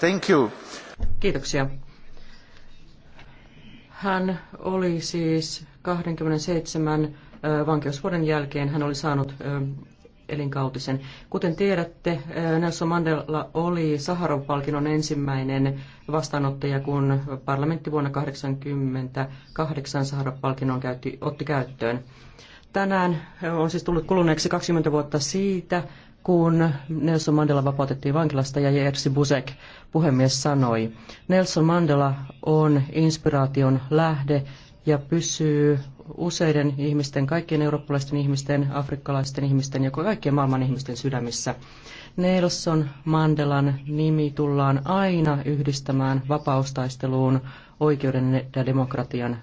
Thank you. Kiitoksia. Hän oli siis 27 vankeusvuoden jälkeen hän oli saanut elinkautisen. Kuten tiedätte, Nelson Mandela oli Saharov-palkinnon ensimmäinen vastaanottaja, kun parlamentti vuonna 1988 Saharov-palkinnon käytti, otti käyttöön. Tänään on siis tullut kuluneeksi 20 vuotta siitä, kun Nelson Mandela vapautettiin vankilasta ja Jerzy Buzek puhemies sanoi. Nelson Mandela on inspiraation lähde ja pysyy useiden ihmisten, kaikkien eurooppalaisten ihmisten, afrikkalaisten ihmisten ja kaikkien maailman ihmisten sydämissä. Nelson Mandelan nimi tullaan aina yhdistämään vapaustaisteluun, oikeuden ja demokratian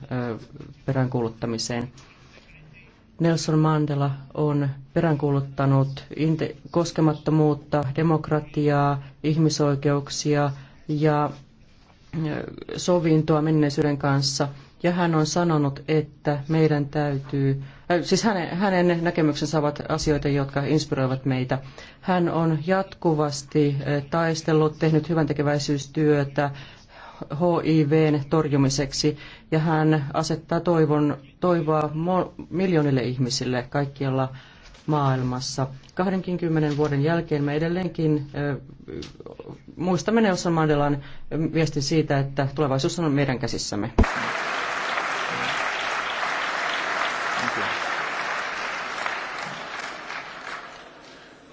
peräänkuuluttamiseen. Nelson Mandela on peräänkuuluttanut koskemattomuutta, demokratiaa, ihmisoikeuksia ja sovintoa menneisyyden kanssa. Ja hän on sanonut, että meidän täytyy, siis hänen, hänen näkemyksensä ovat asioita, jotka inspiroivat meitä. Hän on jatkuvasti taistellut, tehnyt hyväntekeväisyystyötä, HIVn torjumiseksi ja hän asettaa toivon, toivoa miljoonille ihmisille kaikkialla maailmassa. 20 vuoden jälkeen me edelleenkin muistamme Nelson Mandelan viestin siitä, että tulevaisuus on meidän käsissämme.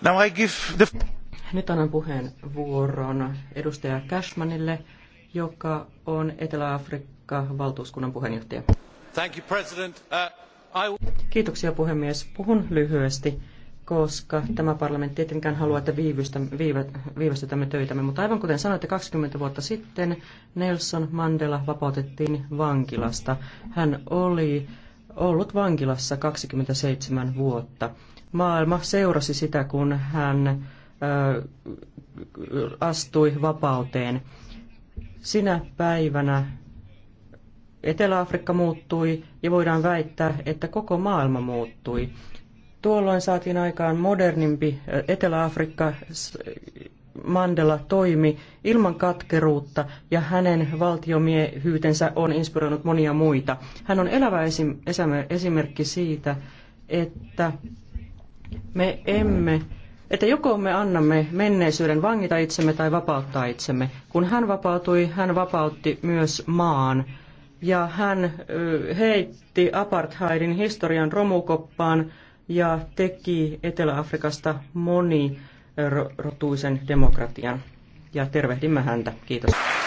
Now I give the... Nyt annan puheenvuoron edustaja Cashmanille joka on Etelä-Afrikka-valtuuskunnan puheenjohtaja. Thank you, President. Uh, I... Kiitoksia puhemies. Puhun lyhyesti, koska tämä parlamentti tietenkään haluaa, että viivystä, viivä, viivästytämme töitämme. Mutta aivan kuten sanoitte, 20 vuotta sitten Nelson Mandela vapautettiin vankilasta. Hän oli ollut vankilassa 27 vuotta. Maailma seurasi sitä, kun hän astui vapauteen. Sinä päivänä Etelä-Afrikka muuttui ja voidaan väittää, että koko maailma muuttui. Tuolloin saatiin aikaan modernimpi Etelä-Afrikka. Mandela toimi ilman katkeruutta ja hänen valtiomiehyytensä on inspiroinut monia muita. Hän on elävä esimerkki siitä, että me emme että joko me annamme menneisyyden vangita itsemme tai vapauttaa itsemme. Kun hän vapautui, hän vapautti myös maan. Ja hän heitti apartheidin historian romukoppaan ja teki Etelä-Afrikasta monirotuisen demokratian. Ja tervehdimme häntä. Kiitos.